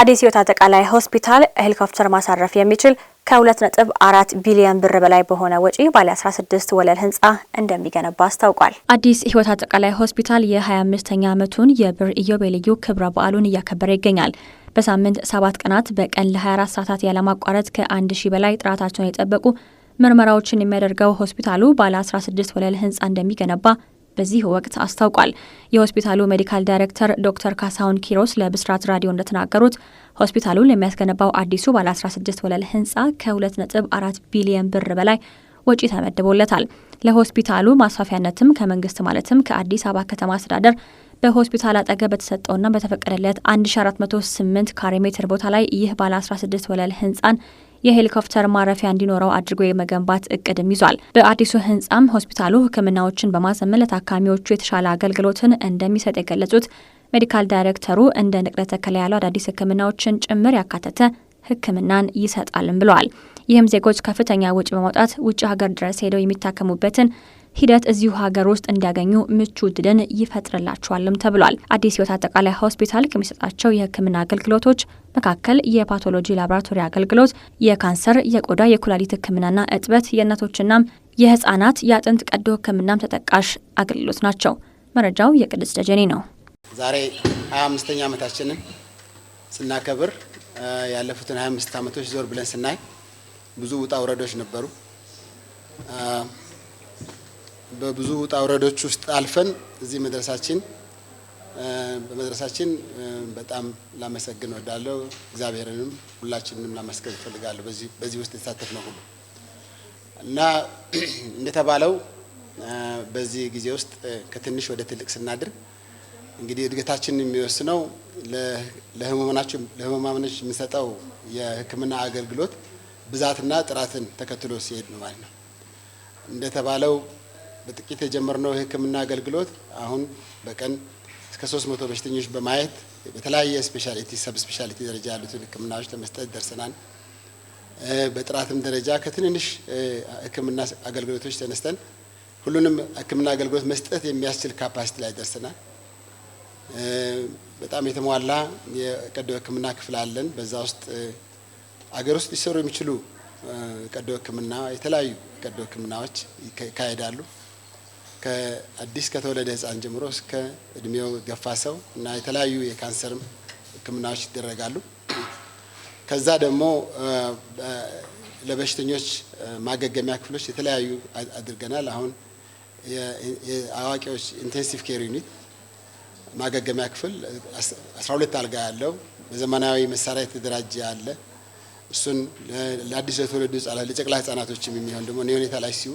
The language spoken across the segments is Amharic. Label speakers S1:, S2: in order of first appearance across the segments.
S1: አዲስ ሕይወት አጠቃላይ ሆስፒታል ሄሊኮፕተር ማሳረፍ የሚችል ከ2.4 ቢሊዮን ብር በላይ በሆነ ወጪ ባለ 16 ወለል ህንፃ እንደሚገነባ አስታውቋል። አዲስ ሕይወት አጠቃላይ ሆስፒታል የ25ኛ ዓመቱን የብር ኢዮቤልዩ ክብረ በዓሉን እያከበረ ይገኛል። በሳምንት ሰባት ቀናት በቀን ለ24 ሰዓታት ያለማቋረጥ ከ1 ሺ በላይ ጥራታቸውን የጠበቁ ምርመራዎችን የሚያደርገው ሆስፒታሉ ባለ 16 ወለል ህንፃ እንደሚገነባ በዚህ ወቅት አስታውቋል። የሆስፒታሉ ሜዲካል ዳይሬክተር ዶክተር ካሳሁን ኪሮስ ለብስራት ራዲዮ እንደተናገሩት ሆስፒታሉን የሚያስገነባው አዲሱ ባለ 16 ወለል ህንፃ ከ2.4 ቢሊየን ብር በላይ ወጪ ተመድቦለታል። ለሆስፒታሉ ማስፋፊያነትም ከመንግስት ማለትም ከአዲስ አበባ ከተማ አስተዳደር በሆስፒታል አጠገብ በተሰጠውና በተፈቀደለት 1408 ካሬ ሜትር ቦታ ላይ ይህ ባለ 16 ወለል ህንፃን የሄሊኮፕተር ማረፊያ እንዲኖረው አድርጎ የመገንባት እቅድም ይዟል። በአዲሱ ህንጻም ሆስፒታሉ ህክምናዎችን በማዘመን ለታካሚዎቹ የተሻለ አገልግሎትን እንደሚሰጥ የገለጹት ሜዲካል ዳይሬክተሩ እንደ ንቅለ ተከላ ያሉ አዳዲስ ህክምናዎችን ጭምር ያካተተ ህክምናን ይሰጣልም ብለዋል። ይህም ዜጎች ከፍተኛ ውጭ በማውጣት ውጭ ሀገር ድረስ ሄደው የሚታከሙበትን ሂደት እዚሁ ሀገር ውስጥ እንዲያገኙ ምቹ ድልን ይፈጥርላቸዋልም ተብሏል። አዲስ ህይወት አጠቃላይ ሆስፒታል ከሚሰጣቸው የህክምና አገልግሎቶች መካከል የፓቶሎጂ ላቦራቶሪ አገልግሎት፣ የካንሰር፣ የቆዳ፣ የኩላሊት ህክምናና እጥበት፣ የእናቶችና የህጻናት የአጥንት ቀዶ ህክምናም ተጠቃሽ አገልግሎት ናቸው። መረጃው የቅድስት ደጀኔ ነው።
S2: ዛሬ 25ኛ ዓመታችንን ስናከብር ያለፉትን 25 ዓመቶች ዞር ብለን ስናይ ብዙ ውጣ ውረዶች ነበሩ። በብዙ ውጣ ውረዶች ውስጥ አልፈን እዚህ መድረሳችን በመድረሳችን በጣም ላመሰግን ወዳለው እግዚአብሔርንም ሁላችንንም ላመስገን እፈልጋለሁ። በዚህ ውስጥ ነው ሁሉ እና እንደተባለው በዚህ ጊዜ ውስጥ ከትንሽ ወደ ትልቅ ስናድር እንግዲህ እድገታችንን የሚወስነው ለሕሙማኖች የሚሰጠው የሕክምና አገልግሎት ብዛትና ጥራትን ተከትሎ ሲሄድ ነው ማለት ነው እንደተባለው በጥቂት የጀመርነው የሕክምና አገልግሎት አሁን በቀን እስከ 300 በሽተኞች በማየት በተለያየ ስፔሻሊቲ ሰብ ስፔሻሊቲ ደረጃ ያሉትን ሕክምናዎች ለመስጠት ደርሰናል። በጥራትም ደረጃ ከትንንሽ ሕክምና አገልግሎቶች ተነስተን ሁሉንም ሕክምና አገልግሎት መስጠት የሚያስችል ካፓሲቲ ላይ ደርሰናል። በጣም የተሟላ የቀዶ ሕክምና ክፍል አለን። በዛ ውስጥ አገር ውስጥ ሊሰሩ የሚችሉ ቀዶ ሕክምና የተለያዩ ቀዶ ሕክምናዎች ይካሄዳሉ። ከአዲስ ከተወለደ ህፃን ጀምሮ እስከ እድሜው ገፋ ሰው እና የተለያዩ የካንሰር ህክምናዎች ይደረጋሉ። ከዛ ደግሞ ለበሽተኞች ማገገሚያ ክፍሎች የተለያዩ አድርገናል። አሁን የአዋቂዎች ኢንቴንሲቭ ኬር ዩኒት ማገገሚያ ክፍል 12 አልጋ ያለው በዘመናዊ መሳሪያ የተደራጀ አለ። እሱን ለአዲስ ለተወለዱ ህጻናት ለጨቅላ ህጻናቶችም የሚሆን ደግሞ ኔዮኔታል አይሲዩ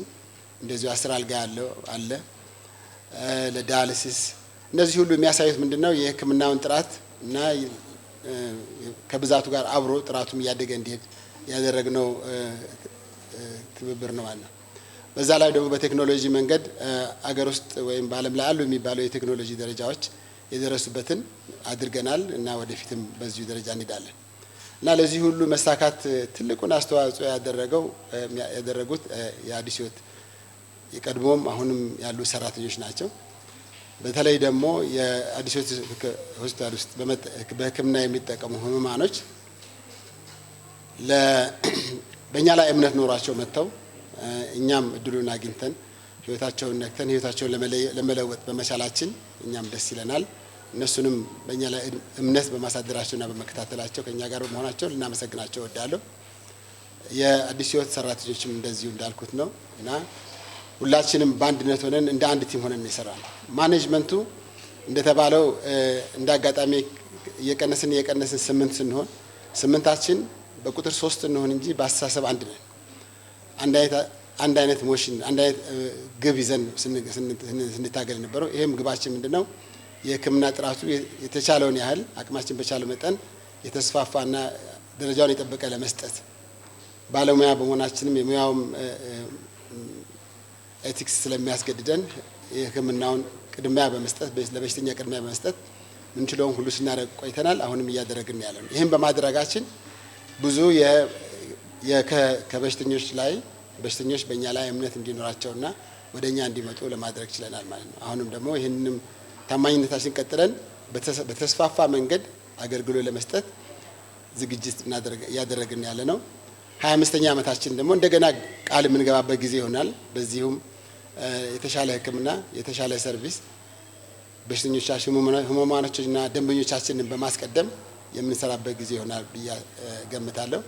S2: እንደዚሁ አስር አልጋ ያለው አለ ለዳያልሲስ። እነዚህ ሁሉ የሚያሳዩት ምንድን ነው የህክምናውን ጥራት እና ከብዛቱ ጋር አብሮ ጥራቱም እያደገ እንዲሄድ ያደረግነው ትብብር ነው አለ። በዛ ላይ ደግሞ በቴክኖሎጂ መንገድ አገር ውስጥ ወይም በዓለም ላይ አሉ የሚባለው የቴክኖሎጂ ደረጃዎች የደረሱበትን አድርገናል እና ወደፊትም በዚሁ ደረጃ እንሄዳለን እና ለዚህ ሁሉ መሳካት ትልቁን አስተዋጽኦ ያደረገው ያደረጉት የአዲስ ህይወት የቀድሞም አሁንም ያሉ ሰራተኞች ናቸው። በተለይ ደግሞ የአዲስ ሆስፒታል ውስጥ በሕክምና የሚጠቀሙ ህሙማኖች በእኛ ላይ እምነት ኖሯቸው መጥተው እኛም እድሉን አግኝተን ህይወታቸውን ነክተን ህይወታቸውን ለመለወጥ በመቻላችን እኛም ደስ ይለናል። እነሱንም በእኛ ላይ እምነት በማሳደራቸውና በመከታተላቸው ከእኛ ጋር በመሆናቸው ልናመሰግናቸው እወዳለሁ። የአዲስ ህይወት ሰራተኞችም እንደዚሁ እንዳልኩት ነው እና ሁላችንም በአንድነት ሆነን እንደ አንድ ቲም ሆነን የሰራ ነው። ማኔጅመንቱ እንደተባለው እንደ አጋጣሚ እየቀነስን እየቀነስን ስምንት ስንሆን ስምንታችን በቁጥር ሶስት እንሆን እንጂ በአስተሳሰብ አንድ ነን። አንድ አይነት ሞሽን፣ አንድ አይነት ግብ ይዘን ስንታገል የነበረው ይህም ግባችን ምንድን ነው? የሕክምና ጥራቱ የተቻለውን ያህል አቅማችን በቻለ መጠን የተስፋፋና ደረጃውን የጠበቀ ለመስጠት ባለሙያ በመሆናችንም የሙያውም ኤቲክስ ስለሚያስገድደን የሕክምናውን ቅድሚያ በመስጠት ለበሽተኛ ቅድሚያ በመስጠት ምንችለውን ሁሉ ስናደርግ ቆይተናል። አሁንም እያደረግን ያለ ነው። ይህም በማድረጋችን ብዙ ከበሽተኞች ላይ በሽተኞች በእኛ ላይ እምነት እንዲኖራቸውና ወደ እኛ እንዲመጡ ለማድረግ ችለናል ማለት ነው። አሁንም ደግሞ ይህንንም ታማኝነታችን ቀጥለን በተስፋፋ መንገድ አገልግሎት ለመስጠት ዝግጅት እያደረግን ያለ ነው። ሀያ አምስተኛ ዓመታችን ደግሞ እንደገና ቃል የምንገባበት ጊዜ ይሆናል። በዚሁም የተሻለ ሕክምና የተሻለ ሰርቪስ በሽተኞቻችን ህመማኖችና ደንበኞቻችንን በማስቀደም የምንሰራበት ጊዜ ይሆናል ብዬ ገምታለሁ።